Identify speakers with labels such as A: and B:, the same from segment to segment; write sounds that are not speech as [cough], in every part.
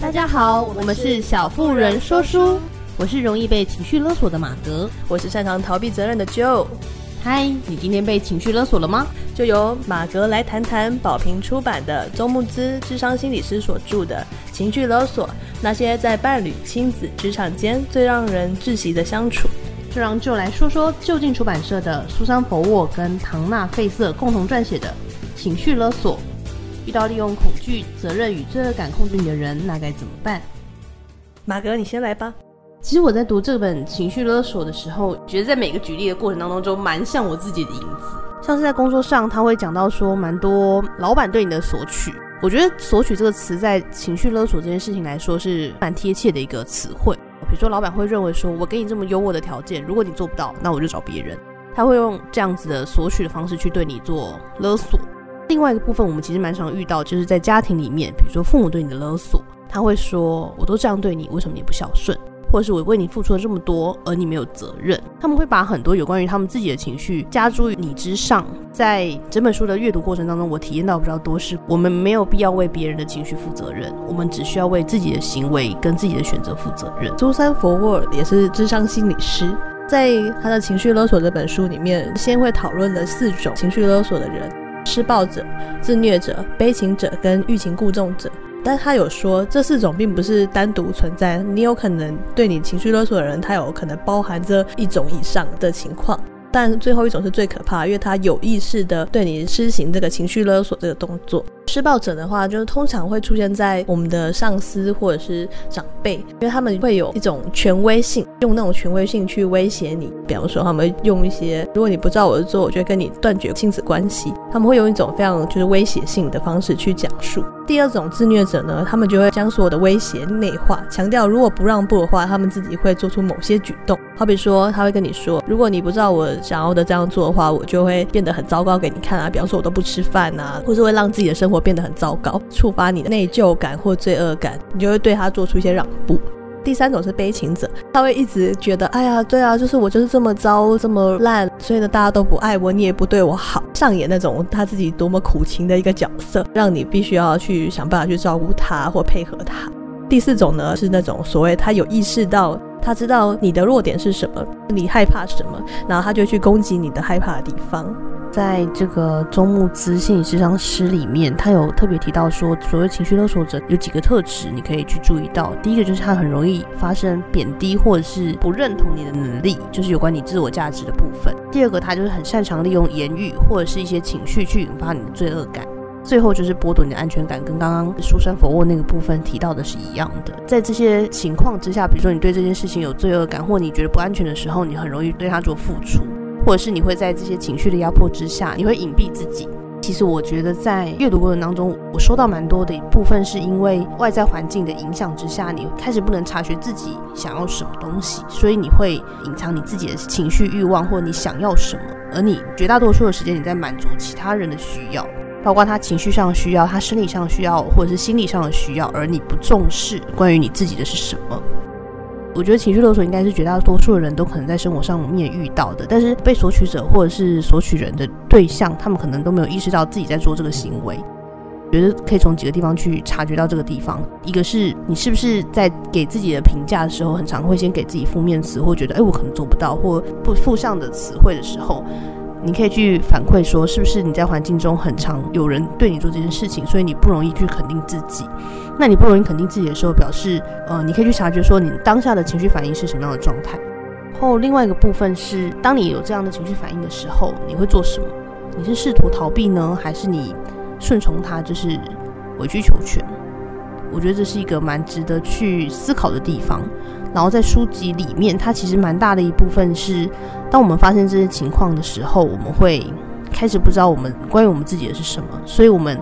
A: 大家好，我們是小婦人說書。我是容易被情緒勒索的馬格，我是擅長逃避責任的 Joe。嗨，你今天被情緒勒索了嗎？就由馬格來談談寶瓶出版的周慕姿諮商心理師所著的《情緒勒索》，那些在伴侶、親子、職場間最讓人窒息的相處。這讓就讓 Joe 來說說究竟出版社的蘇珊·佛沃跟唐娜·費瑟共同撰寫的《情緒勒索》。遇到利用恐懼、責任與罪惡感控制你的人，那該怎麼辦？馬哥，你先來吧。其實我在讀這本情緒勒索的時候，覺得在每個舉例的過程當中，蠻像我自己的影子。像是在工作上，他會講到說，蠻多老闆對你的索取。我覺得“索取”這個詞在情緒勒索這件事情來說，是蠻貼切的一個詞彙。比如說，老闆會認為說，我給你這麼優渥的條件，如果你做不到，那我就找別人。他會用這樣子的索取的方式去對你做勒索。另外一個部分，我們其實蠻常遇到，就是在家庭裡面，比如說父母對你的勒索，他會說，我都這樣對你，為什麼你不孝順？或者是我為你付出了這麼多，而你沒有責任。他們會把很多有關於他們自己的情緒加諸於你之上。在整本書的閱讀過程當中，我體驗到比較多是我們沒有必要為別人的情緒負責任，我們只需要為自己的行為跟自己的選擇負責任。蘇珊·佛沃爾也是智商心理師，在他的《情緒勒索》這本書裡面，先會討論了四種情緒勒索的人。施暴者、自虐者、悲情者跟欲擒故縱者，但他有說這四種並不是單獨存在，你有可能對你情緒勒索的人，他有可能包含着一種以上的情況，但最後一種是最可怕，因為他有意識地對你施行這個情緒勒索這個動作。施暴者的話，就是通常會出現在我們的上司或者是長輩，因為他們會有一種權威性，用那種權威性去威脅你。比方說，他們會用一些，如果你不照我的做，我就會跟你斷絕親子關係。他們會用一種非常就是威脅性的方式去講述。第二種自虐者呢，他們就會將所有的威脅內化，強調如果不讓步的話，他們自己會做出某些舉動。好比說，他會跟你說，如果你不照我想要的這樣做的話，我就會變得很糟糕給你看啊。比方說我都不吃飯啊，或是會讓自己的生活。變得很糟糕，觸發你的內疚感或罪惡感，你就會對他做出一些讓步。第三種是悲情者，他會一直覺得，哎呀，對啊，就是我就是這麼糟這麼爛，所以呢，大家都不愛我，你也不對我好，上演那種他自己多麼苦情的一個角色，讓你必須要去想辦法去照顧他或配合他。第四種呢是那種所謂他有意識到，他知道你的弱點是什麼，你害怕什麼，然後他就去攻擊你的害怕的地方。在這個周慕姿心理諮商師裡面，他有特別提到說，所謂情緒勒索者有幾個特質，你可以去注意到。第一個就是他很容易發生貶低或者是不認同你的能力，就是有關你自我價值的部分。第二個，他就是很擅長利用言語或者是一些情緒去引發你的罪惡感。最後就是剝奪你的安全感，跟剛剛蘇珊佛沃那個部分提到的是一樣的。在這些情況之下，比如說你對這件事情有罪惡感，或你覺得不安全的時候，你很容易對他做付出。或者是你會在這些情緒的壓迫之下，你會隱蔽自己。其實我覺得在閱讀過程當中，我收到蠻多的一部分，是因為外在環境的影響之下，你開始不能察覺自己想要什麼東西，所以你會隱藏你自己的情緒、慾望或你想要什麼。而你絕大多數的時間，你在滿足其他人的需要，包括他情緒上的需要、他生理上的需要或者是心理上的需要，而你不重視關於你自己的是什麼。我覺得情緒勒索應該是絕大多數的人都可能在生活上面遇到的，但是被索取者或者是索取人的對象，他們可能都沒有意識到自己在做這個行為。覺得可以從幾個地方去察覺到這個地方：一個是你是不是在給自己的評價的時候，很常會先給自己負面詞，或覺得“哎，我可能做不到”或不負向的詞彙的時候。你可以去反饋說，是不是你在環境中很常有人對你做這件事情，所以你不容易去肯定自己。那你不容易肯定自己的時候，表示呃，你可以去察覺說你當下的情緒反應是什麼樣的狀態。然後另外一個部分是，當你有這樣的情緒反應的時候，你會做什麼？你是試圖逃避呢，還是你順從他，就是委曲求全？我覺得這是一個蠻值得去思考的地方。然後在書籍裡面，它其實蠻大的一部分是，當我們發生這些情況的時候，我們會開始不知道我們關於我們自己的是什麼，所以我們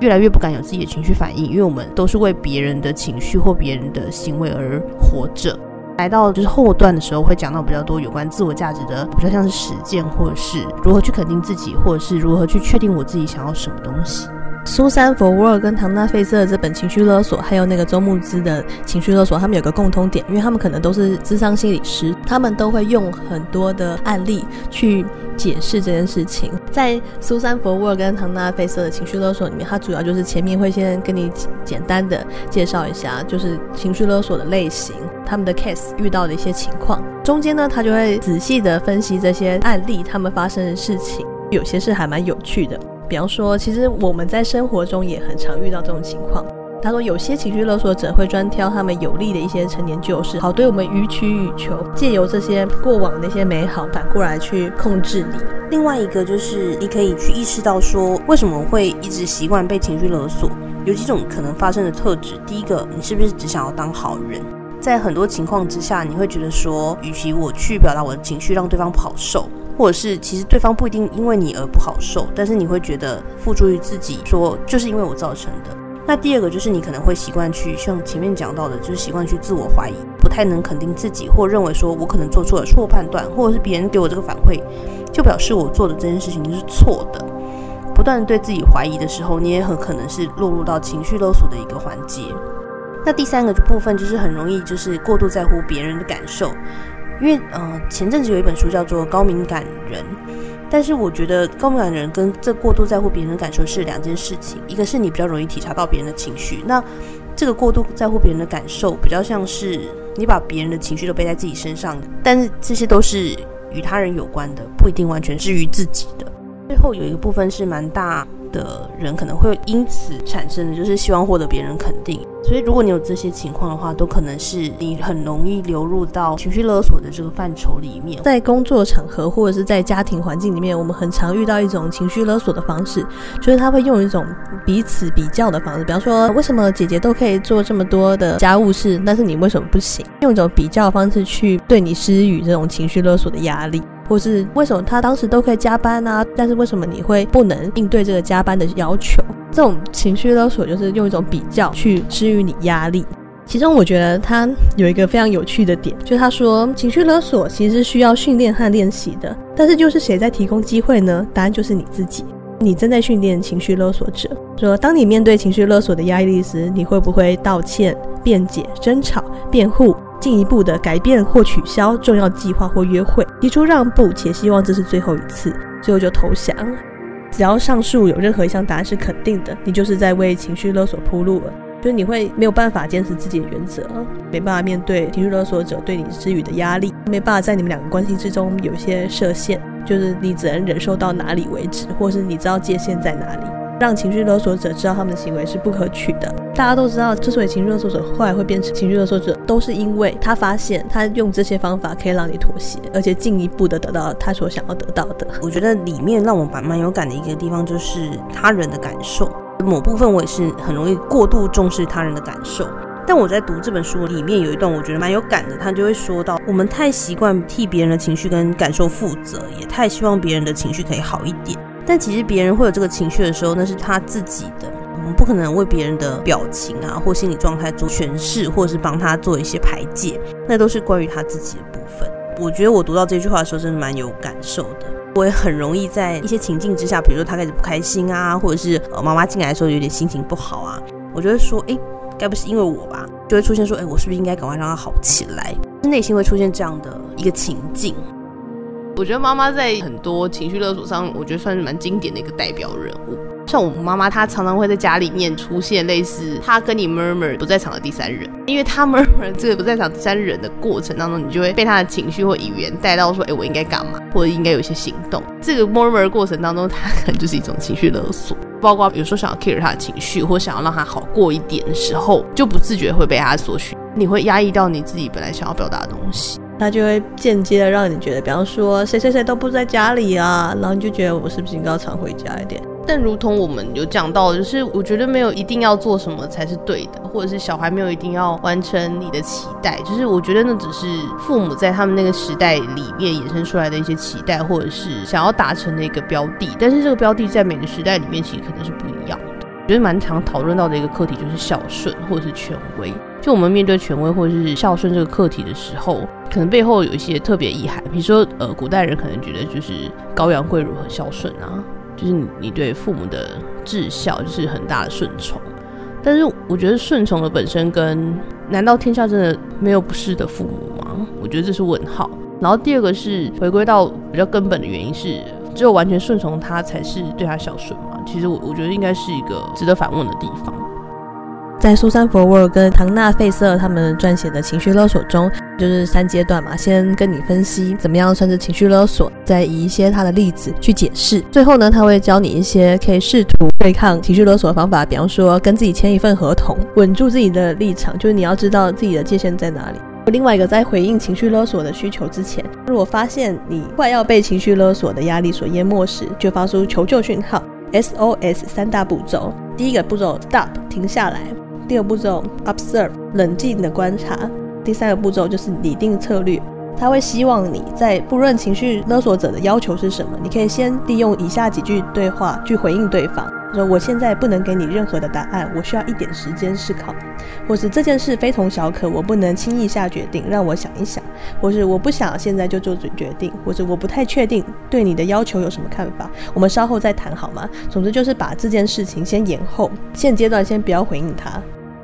A: 越來越不敢有自己的情緒反應，因為我們都是為別人的情緒或別人的行為而活着。來到就是後段的時候，會講到比較多有關自我價值的，比較像是實踐或者是如何去肯定自己，或者是如何去確定我自己想要什麼東西。蘇珊·佛沃跟唐娜·費瑟的這本《情緒勒索》，還有那個周慕姿的《情緒勒索》，他們有個共通點，因為他們可能都是諮商心理師，他們都會用很多的案例去解釋這件事情。在蘇珊·佛沃跟唐娜·費瑟的《情緒勒索》裡面，它主要就是前面會先跟你簡單的介紹一下，就是情緒勒索的類型，他們的 case 遇到的一些情況。中間呢，他就會仔細的分析這些案例，他們發生的事情，有些是還蠻有趣的。比方說，其實我們在生活中也很常遇到這種情況。他說，有些情緒勒索者會專挑他們有利的一些陳年舊事，好對我們予取予求，借由這些過往的那些美好，反過來去控制你。另外一個就是，你可以去意識到說，為什麼會一直習慣被情緒勒索？有幾種可能發生的特質。第一個，你是不是只想要當好人？在很多情況之下，你會覺得說，與其我去表達我的情緒，讓對方不好受。或者是其實對方不一定因為你而不好受，但是你會覺得付諸於自己說，就是因為我造成的。那第二個就是你可能會習慣去像前面講到的，就是習慣去自我懷疑，不太能肯定自己，或認為說我可能做出了錯的判斷，或者是別人給我這個反饋就表示我做的這件事情是錯的。不斷對自己懷疑的時候，你也很可能是落入到情緒勒索的一個環節。那第三個部分就是很容易就是過度在乎別人的感受。因為呃，前陣子有一本書叫做《高敏感人》，但是我覺得高敏感人跟這過度在乎別人的感受是兩件事情。一個是你比較容易體察到別人的情緒，那這個過度在乎別人的感受，比較像是你把別人的情緒都背在自己身上。但是這些都是與他人有關的，不一定完全是與自己的。最後有一個部分是蠻大啊。的人可能會因此產生的就是希望獲得別人肯定。所以，如果你有這些情況的話，都可能是你很容易流入到情緒勒索的這個範疇裡面。在工作場合或者是在家庭環境裡面，我們很常遇到一種情緒勒索的方式，就是他會用一種彼此比較的方式，比方說，為什麼姐姐都可以做這麼多的家務事，但是你為什麼不行？用一種比較的方式去對你施予這種情緒勒索的壓力。或是為什麼他當時都可以加班啊？但是為什麼你會不能應對這個加班的要求？這種情緒勒索就是用一種比較去施予你壓力。其中我覺得他有一個非常有趣的點，就他說情緒勒索其實是需要訓練和練習的。但是就是誰在提供機會呢？答案就是你自己。你正在訓練情緒勒索者，說當你面對情緒勒索的壓力時，你會不會道歉、辯解、爭吵、辯護？進一步的改變或取消重要計劃或約會，提出讓步且希望這是最後一次，最後就投降。只要上述有任何一項答案是肯定的，你就是在為情緒勒索鋪路了。就是、你會沒有辦法堅持自己的原則，沒辦法面對情緒勒索者對你施予的壓力，沒辦法在你們兩個關係之中有一些設限，就是你只能忍受到哪裡為止，或是你知道界限在哪裡。讓情緒勒索者知道他們的行為是不可取的。大家都知道，之所以情緒勒索者後來會變成情緒勒索者，都是因為他發現他用這些方法可以讓你妥協，而且進一步的得到他所想要得到的。我覺得裡面讓我蠻蠻有感的一個地方就是他人的感受。某部分我也是很容易過度重視他人的感受，但我在讀這本書裡面有一段我覺得蠻有感的，他就會說到，我們太習慣替別人的情緒跟感受負責，也太希望別人的情緒可以好一點。但其實別人會有這個情緒的時候，那是他自己的，我們不可能為別人的表情啊或心理狀態做詮釋，或者是幫他做一些排解，那都是關於他自己的部分。我覺得我讀到這句話的時候，真的蠻有感受的。我也很容易在一些情境之下，比如說他開始不開心啊，或者是呃，媽媽進來的時候有點心情不好啊，我就會說，誒，該不是因為我吧？就會出現說，誒，我是不是應該趕快讓他好起來？內心會出現這樣的一個情境。我覺得媽媽在很多情緒勒索上，我覺得算是蠻經典的一個代表人物。像我媽媽，她常常會在家裡面出現類似她跟你 murmur 不在場的第三人，因為她 murmur 這個不在場第三人的過程當中，你就會被她的情緒或語言帶到說，哎，我應該幹嘛，或者應該有一些行動。這個 murmur 過程當中，她可能就是一種情緒勒索，包括有時候想要 care 她的情緒，或想要讓她好過一點的時候，就不自覺會被她索取，你會壓抑到你自己本來想要表達的東西。他就會間接的讓你覺得，比方說誰誰誰都不在家裡啊，然後你就覺得我是不是應該要常回家一點？但如同我們有講到，就是我覺得沒有一定要做什麼才是對的，或者是小孩沒有一定要完成你的期待，就是我覺得那只是父母在他們那個時代裡面衍生出來的一些期待，或者是想要達成的一個標的。但是這個標的在每個時代裡面其實可能是不一樣的。我覺得蠻常討論到的一個課題就是孝順或者是權威。就我們面對權威或者是孝順這個課題的時候，可能背後有一些特別意涵。比如說，呃，古代人可能覺得就是羔羊跪乳很孝順啊，就是你，你對父母的至孝就是很大的順從。但是我覺得順從的本身跟難道天下真的沒有不是的父母嗎？我覺得這是問號。然後第二個是回歸到比較根本的原因是，只有完全順從他才是對他孝順嘛。其實我我覺得應該是一個值得反問的地方。在蘇珊·佛沃跟唐娜·費瑟他們撰寫的情緒勒索中，就是三階段嘛。先跟你分析怎麼樣算是情緒勒索，再以一些他的例子去解釋。最後呢，他會教你一些可以試圖對抗情緒勒索的方法，比方說跟自己簽一份合同，穩住自己的立場，就是你要知道自己的界限在哪裡。另外一個，在回應情緒勒索的需求之前，如果發現你快要被情緒勒索的壓力所淹沒時，就發出求救訊號 SOS。三大步驟，第一個步驟 Stop，停下來。第二步驟，observe，冷靜的觀察。第三個步驟就是擬定策略。他會希望你在不論情緒勒索者的要求是什麼，你可以先利用以下幾句對話去回應對方。說我現在不能給你任何的答案，我需要一點時間思考，或是這件事非同小可，我不能輕易下決定，讓我想一想，或是我不想現在就做決定，或是我不太確定對你的要求有什麼看法，我們稍後再談好嗎？總之就是把這件事情先延後，現階段先不要回應他。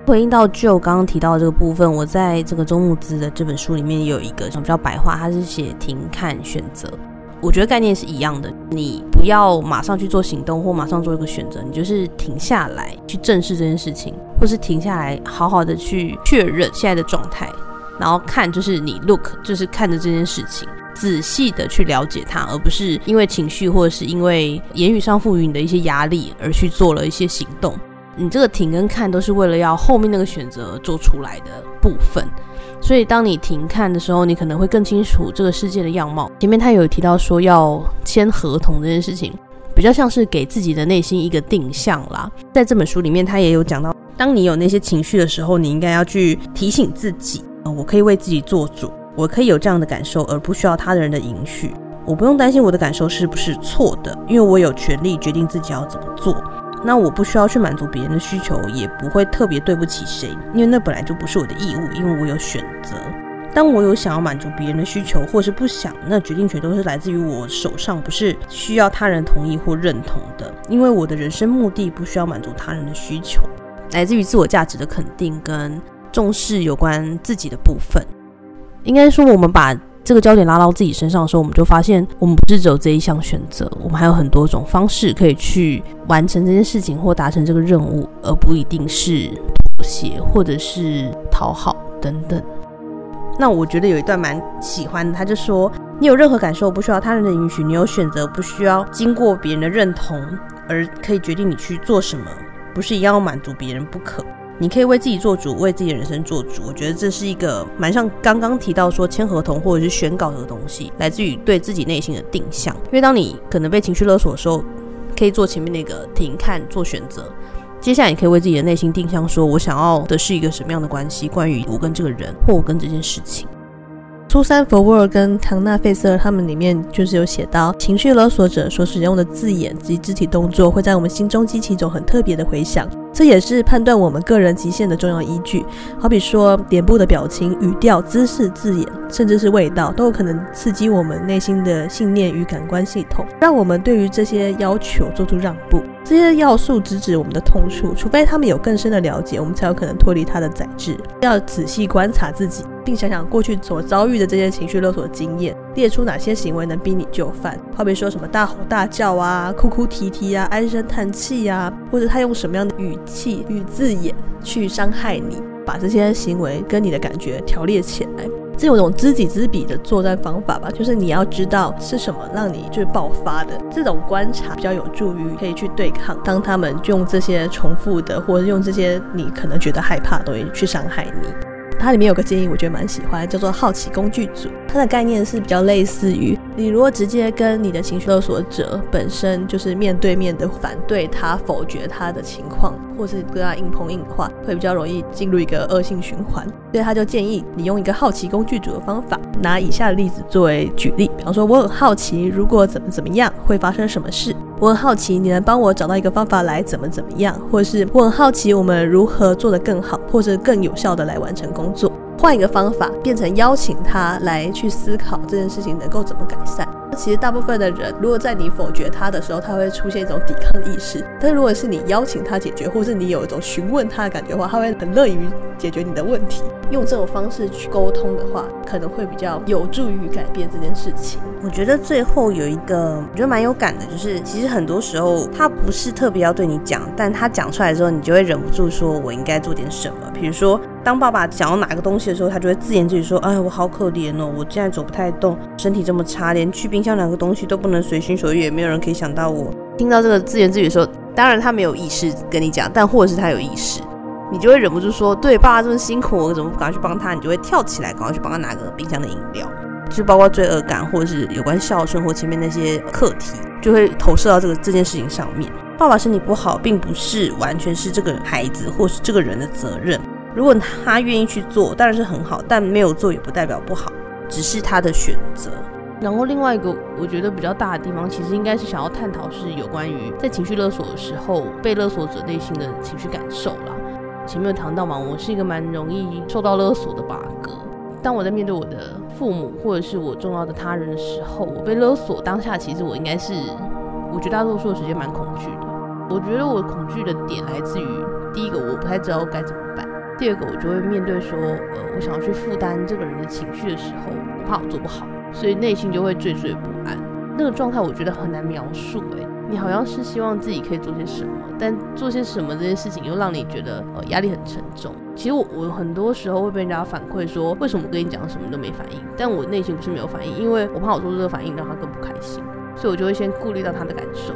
A: 回應到就剛剛提到的這個部分，我在這個周慕姿的這本書裡面有一個什麼叫白話，它是寫停看選擇。我覺得概念是一樣的，你不要馬上去做行動，或馬上做一個選擇，你就是停下來去正視這件事情，或是停下來好好的去確認現在的狀態，然後看就是你 look 就是看着這件事情，仔細的去了解它，而不是因為情緒或者是因為言語上賦予你的一些壓力而去做了一些行動。你這個停跟看都是為了要後面那個選擇而做出來的部分。所以，當你停看的時候，你可能會更清楚這個世界的樣貌。前面他有提到說要簽合同這件事情，比較像是給自己的內心一個定向啦。在這本書裡面，他也有講到，當你有那些情緒的時候，你應該要去提醒自己：我可以為自己做主，我可以有這樣的感受，而不需要他人的允許。我不用擔心我的感受是不是錯的，因為我有權利決定自己要怎麼做。那我不需要去滿足別人的需求，也不會特別對不起誰，因為那本來就不是我的義務，因為我有選擇。當我有想要滿足別人的需求，或是不想，那決定權都是來自於我手上，不是需要他人同意或認同的。因為我的人生目的不需要滿足他人的需求，來自於自我價值的肯定跟重視有關自己的部分。應該說，我們把。這個焦點拉到自己身上的時候，我們就發現我們不是只有這一項選擇，我們還有很多種方式可以去完成這件事情或達成這個任務，而不一定是妥協或者是討好等等。那我覺得有一段蠻喜歡的，他就說：“你有任何感受，不需要他人的允許；你有選擇，不需要經過別人的認同，而可以決定你去做什麼，不是一樣要滿足別人不可。”你可以為自己做主，為自己的人生做主。我覺得這是一個蠻像剛剛提到說簽合同或者是選稿的東西，來自於對自己內心的定向。因為當你可能被情緒勒索的時候，可以做前面那個停看做選擇。接下來你可以為自己的內心定向，說我想要的是一個什麼樣的關係，關於我跟這個人或我跟這件事情。蘇珊·佛沃跟唐娜·費瑟他們裡面就是有寫到，情緒勒索者所使用的字眼及肢體動作，會在我們心中激起一種很特別的回響，這也是判斷我們個人極限的重要依據。好比說，臉部的表情、語調、姿勢、字眼，甚至是味道，都有可能刺激我們內心的信念與感官系統，讓我們對於這些要求做出讓步。這些要素直指我們的痛處，除非他們有更深的了解，我們才有可能脫離他的宰制。要仔細觀察自己。並想想過去所遭遇的這些情緒勒索經驗，列出哪些行為能逼你就範。好比說什麼大吼大叫啊、哭哭啼啼啊、唉聲嘆氣啊，或者他用什麼樣的語氣與字眼去傷害你，把這些行為跟你的感覺條列起來，這種知己知彼的作戰方法吧，就是你要知道是什麼讓你就是爆發的。這種觀察比較有助於可以去對抗，當他們用這些重複的，或者用這些你可能覺得害怕的東西去傷害你。它裡面有個建議，我覺得蠻喜歡，叫做好奇工具組。它的概念是比較類似於，你如果直接跟你的情緒勒索者本身就是面對面的反對他、否決他的情況。或是跟他硬碰硬的話，會比較容易進入一個惡性循環，所以他就建議你用一個好奇工具組的方法，拿以下的例子作為舉例，比方說我很好奇，如果怎麼怎麼樣會發生什麼事？我很好奇，你能幫我找到一個方法來怎麼怎麼樣？或是我很好奇，我們如何做得更好，或者更有效的來完成工作？換一個方法，變成邀請他來去思考這件事情能夠怎麼改善。其實大部分的人，如果在你否決他的時候，他會出現一種抵抗意識；但如果是你邀請他解決，或是你有一種詢問他的感覺的話，他會很樂於解決你的問題。用這種方式去溝通的話，可能會比較有助於改變這件事情。我覺得最後有一個我覺得蠻有感的，就是其實很多時候他不是特別要對你講，但他講出來之後，你就會忍不住說：“我應該做點什麼。”比如說，當爸爸講到哪個東西的時候，他就會自言自語說：“哎，我好可憐哦，我現在走不太動。”身體這麼差，連去冰箱拿個東西都不能隨心所欲，也沒有人可以想到我。聽到這個自言自語的時候，當然他沒有意識跟你講，但或者是他有意識，你就會忍不住說：“對，爸爸這麼辛苦，我怎麼不趕快去幫他？”你就會跳起來，趕快去幫他拿個冰箱的飲料。就包括罪惡感，或者是有關孝順或前面那些課題，就會投射到這個這件事情上面。爸爸身體不好，並不是完全是這個孩子或是這個人的責任。如果他願意去做，當然是很好；但沒有做，也不代表不好。只是他的選擇，然後另外一個我覺得比較大的地方，其實應該是想要探討是有關於在情緒勒索的時候，被勒索者內心的情緒感受啦。前面有談到嘛，我是一個蠻容易受到勒索的吧，一個。當我在面對我的父母或者是我重要的他人的時候，我被勒索當下，其實我應該是，我絕大多數的時間蠻恐懼的。我覺得我恐懼的點來自於第一個，我不太知道我該怎麼第二個，我就會面對說，呃，我想要去負擔這個人的情緒的時候，我怕我做不好，所以內心就會惴惴不安。那個狀態我覺得很難描述、欸，哎，你好像是希望自己可以做些什麼，但做些什麼這件事情又讓你覺得呃壓力很沉重。其實我我很多時候會被人家反饋說，為什麼我跟你講什麼都沒反應？但我內心不是沒有反應，因為我怕我做出這個反應讓他更不開心，所以我就會先顧慮到他的感受。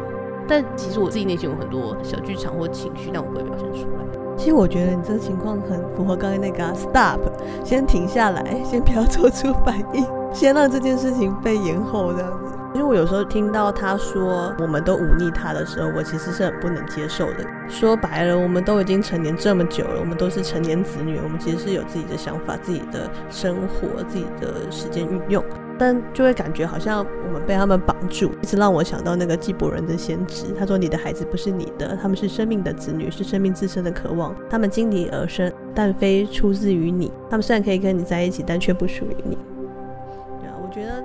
A: 但其實我自己內心有很多小劇場或情緒，但我不會表現出來。其實我覺得你這個情況很符合剛才那個、啊、stop，先停下來，先不要做出反應，先讓這件事情被延後這樣子，因為我有時候聽到他說我們都忤逆他的時候，我其實是很不能接受的。說白了，我們都已經成年這麼久了，我們都是成年子女，我們其實是有自己的想法、自己的生活、自己的時間運用。但就會感覺好像我們被他們綁住，一直讓我想到那個紀伯倫的先知，他說：“你的孩子不是你的，他們是生命的子女，是生命自身的渴望，他們經你而生，但非出自於你。他們雖然可以跟你在一起，但卻不屬於你。”對啊，我覺得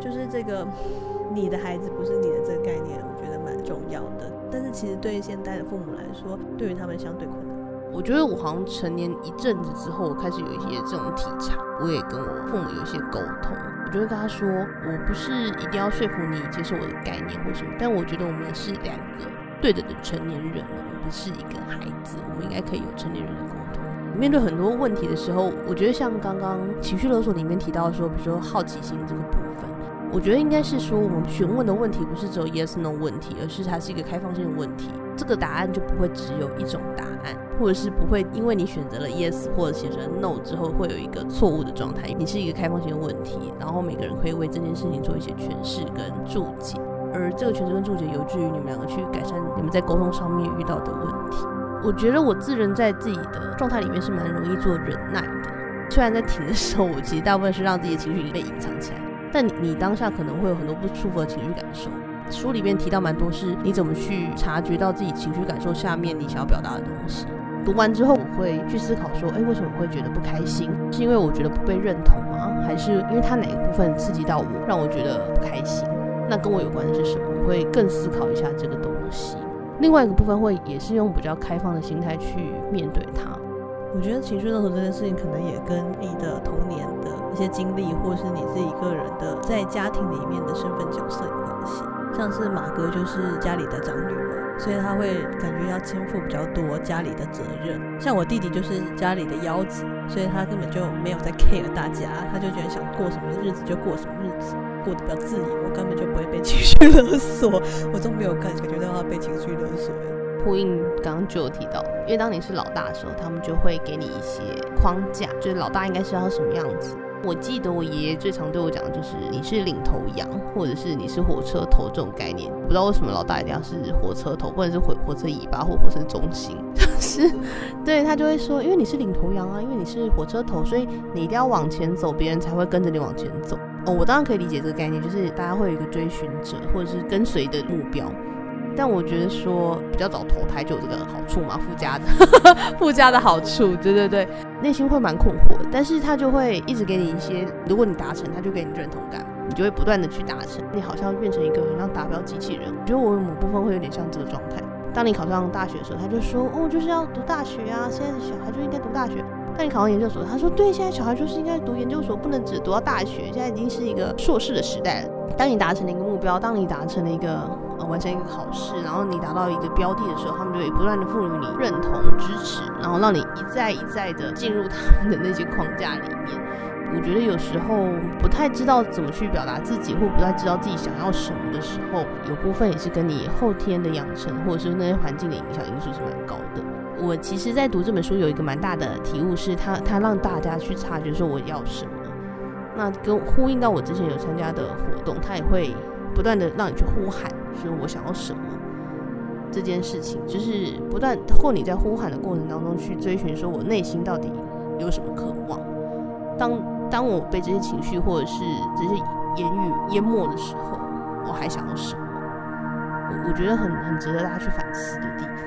A: 就是這個“你的孩子不是你的”這個概念，我覺得蠻重要的。但是其實對於現代的父母來說，對於他們相對困難。我覺得我好像成年一陣子之後，我開始有一些這種體察。我也跟我父母有一些溝通，我就會跟他說，我不是一定要說服你接受我的概念或什麼，但我覺得我們也是兩個對等的成年人了，我們不是一個孩子，我們應該可以有成年人的溝通。面對很多問題的時候，我覺得像剛剛情緒勒索裡面提到的說，比如說好奇心這個部分，我覺得應該是說我們詢問的問題不是只有 yes no 問題，而是它是一個開放性的問題。這個答案就不會只有一種答案，或者是不會，因為你選擇了 yes 或者寫成 no 之後，會有一個錯誤的狀態。你是一個開放性的問題，然後每個人可以為這件事情做一些詮釋跟注解，而這個詮釋跟注解有助於你們兩個去改善你們在溝通上面遇到的問題。我覺得我自認在自己的狀態裡面是蠻容易做忍耐的，雖然在停的時候，我其實大部分是讓自己的情緒被隱藏起來，但你你當下可能會有很多不舒服的情緒感受。書裡面提到蠻多是，你怎麼去察覺到自己情緒感受下面你想要表達的東西？讀完之後，我會去思考說，哎，為什麼我會覺得不開心？是因為我覺得不被認同嗎？還是因為它哪個部分刺激到我，讓我覺得不開心？那跟我有關的是什麼？我會更思考一下這個東西。另外一個部分會也是用比較開放的心態去面對它。我覺得情緒勒索這件事情，可能也跟你的童年的一些經歷，或是你自己個人的在家庭裡面的身份角色有關係。像是馬哥就是家裡的長女嘛，所以他會感覺要肩負比較多家裡的責任。像我弟弟就是家裡的幺子，所以他根本就沒有在 care 了大家，他就覺得想過什麼日子就過什麼日子，過得比較自由。我根本就不會被情緒勒索，我都沒有感感覺到他被情緒勒索。呼應剛剛就有提到，因為當你是老大的時候，他們就會給你一些框架，就是老大應該是要什麼樣子。我記得我爺爺最常對我講的就是你是領頭羊，或者是你是火車頭這種概念。不知道為什麼老大一定要是火車頭，或者是火火車尾巴，火車中心。就是對他就會說，因為你是領頭羊啊，因為你是火車頭，所以你一定要往前走，別人才會跟着你往前走。哦，我當然可以理解這個概念，就是大家會有一個追尋者或者是跟隨的目標。但我覺得說比較早投胎就有這個好處嘛，附加的 [laughs] 附加的好處。對對對。內心會蠻困惑，但是他就會一直給你一些，如果你達成，他就給你認同感，你就會不斷的去達成，你好像變成一個很像達標機器人。我覺得我有某部分會有點像這個狀態。當你考上大學的時候，他就說，哦，就是要讀大學啊，現在小孩就應該讀大學。當你考上研究所，他說，對，現在小孩就是應該讀研究所，不能只讀到大學，現在已經是一個碩士的時代了。當你達成了一個目標，當你達成了一個。呃，完成一個考試，然後你達到一個標的的時候，他們就會不斷的賦予你認同、支持，然後讓你一再一再的進入他們的那些框架裡面。我覺得有時候不太知道怎麼去表達自己，或不太知道自己想要什麼的時候，有部分也是跟你後天的養成，或者是那些環境的影響因素是蠻高的。我其實，在讀這本書有一個蠻大的題目，是他他讓大家去察覺說我要什麼。那跟呼應到我之前有參加的活動，他也會不斷的讓你去呼喊。所以我想要什麼這件事情，就是不斷或你在呼喊的過程當中去追尋，說我內心到底有什麼渴望。當當我被這些情緒或者是這些言語淹沒的時候，我還想要什麼？我，我覺得很很值得大家去反思的地方。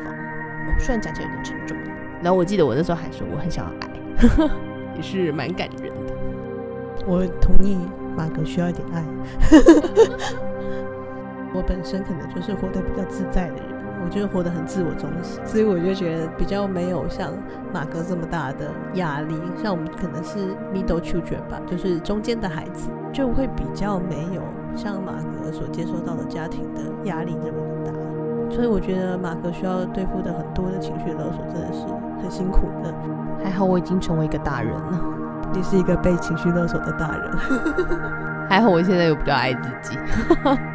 A: 雖然講起來有點沉重，然後我記得我那時候還說我很想要愛，呵呵也是蠻感人的。我同意，馬哥需要一點愛。 [laughs] 我本身可能就是活得比較自在的人，我就是活得很自我中心，所以我就覺得比較沒有像馬哥這麼大的壓力。像我們可能是 middle children 吧，就是中間的孩子，就會比較沒有像馬哥所接受到的家庭的壓力那麼大。所以我覺得馬哥需要對付的很多的情緒勒索真的是很辛苦的。還好我已經成為一個大人了。你是一個被情緒勒索的大人。 [laughs] 還好我現在又比較愛自己。 [laughs]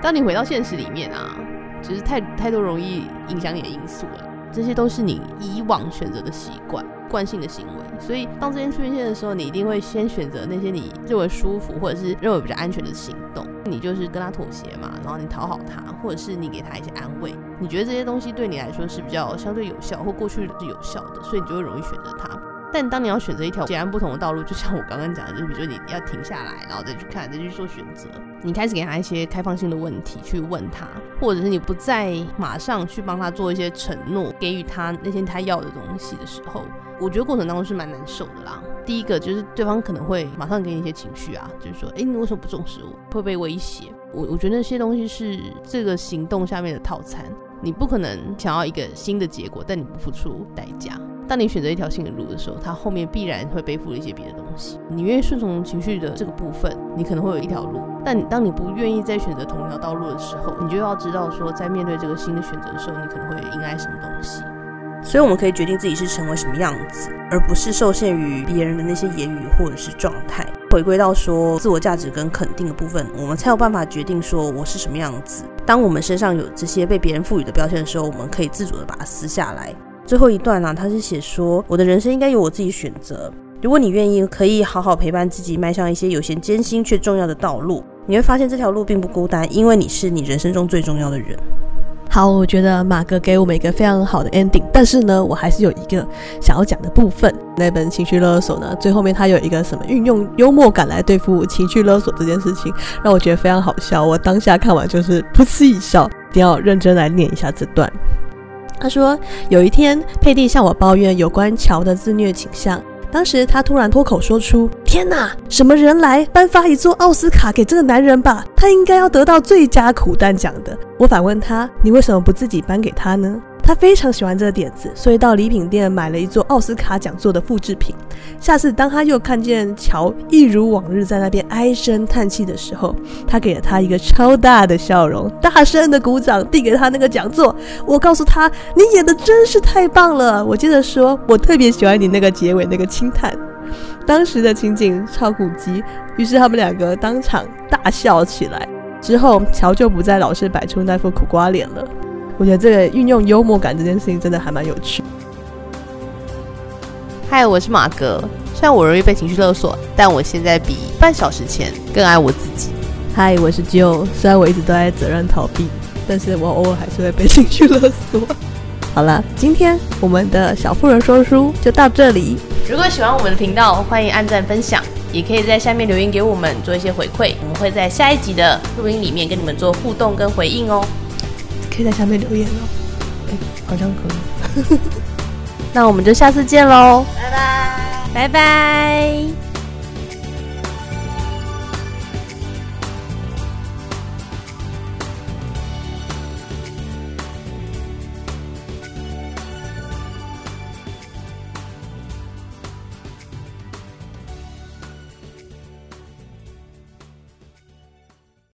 A: 當你回到現實裡面啊，其實太太多容易影響你的因素了，這些都是你以往選擇的習慣慣性的行為。所以當這件事出現的時候，你一定會先選擇那些你認為舒服或者是認為比較安全的行動。你就是跟他妥協嘛，然後你討好他，或者是你給他一些安慰。你覺得這些東西對你來說是比較相對有效，或過去是有效的，所以你就會容易選擇它。但當你要選擇一條截然不同的道路，就像我剛剛講的，就是比如說你要停下來，然後再去看，再去做選擇。你開始給他一些開放性的問題去問他，或者是你不再馬上去幫他做一些承諾，給予他那些他要的東西的時候，我覺得過程當中是蠻難受的啦。第一個就是對方可能會馬上給你一些情緒啊，就是說，誒，你為什麼不重視我？會被威脅。我我覺得那些東西是這個行動下面的套餐，你不可能想要一個新的結果，但你不付出代價。當你選擇一條新的路的時候，它後面必然會背負一些別的東西。你願意順從情緒的這個部分，你可能會有一條路；但當你不願意再選擇同一條道路的時候，你就要知道說，在面對這個新的選擇的時候，你可能會迎來什麼東西。所以我們可以決定自己是成為什麼樣子，而不是受限於別人的那些言語或者是狀態。回歸到說自我價值跟肯定的部分，我們才有辦法決定說我是什麼樣子。當我們身上有這些被別人賦予的標籤的時候，我們可以自主地把它撕下來。最後一段呢、啊，他是寫說，我的人生應該由我自己選擇。如果你願意，可以好好陪伴自己，邁向一些有些艱辛卻重要的道路。你會發現這條路並不孤單，因為你是你人生中最重要的人。好，我覺得馬哥給我們一個非常好的 ending。但是呢，我還是有一個想要講的部分。那本情緒勒索呢，最後面他有一個什麼運用幽默感來對付情緒勒索這件事情，讓我覺得非常好笑。我當下看完就是噗嗤一笑，一定要認真來念一下這段。他說，有一天，佩蒂向我抱怨有關喬的自虐傾向。當時，他突然脫口說出：“天哪，什麼人來頒發一座奧斯卡給這個男人吧？他應該要得到最佳苦旦獎的。”我反問他：“你為什麼不自己頒給他呢？”他非常喜歡這個點子，所以到禮品店買了一座奧斯卡獎座的複製品。下次當他又看見喬一如往日在那邊唉聲嘆氣的時候，他給了他一個超大的笑容，大聲的鼓掌，遞給他那個獎座。我告訴他：“你演的真是太棒了。”我接着說：“我特別喜歡你那個結尾那個輕嘆。”當時的情景超古急，於是他們兩個當場大笑起來。之後，喬就不再老是擺出那副苦瓜臉了。我覺得這個運用幽默感這件事情真的還蠻有趣。嗨，我是馬哥，雖然我容易被情緒勒索，但我現在比半小時前更愛我自己。嗨，我是 Joe，雖然我一直都在責任逃避，但是我偶爾還是會被情緒勒索。 [laughs] 好了，今天我們的小婦人說書就到這裡。如果喜歡我們的頻道，歡迎按讚分享，也可以在下面留言給我們做一些回饋，我們會在下一集的錄音裡面跟你們做互動跟回應哦。可以在下面留言呢。哦欸，好像可以。 [laughs] [laughs] 那我們就下次見嘍，拜拜 bye，拜拜。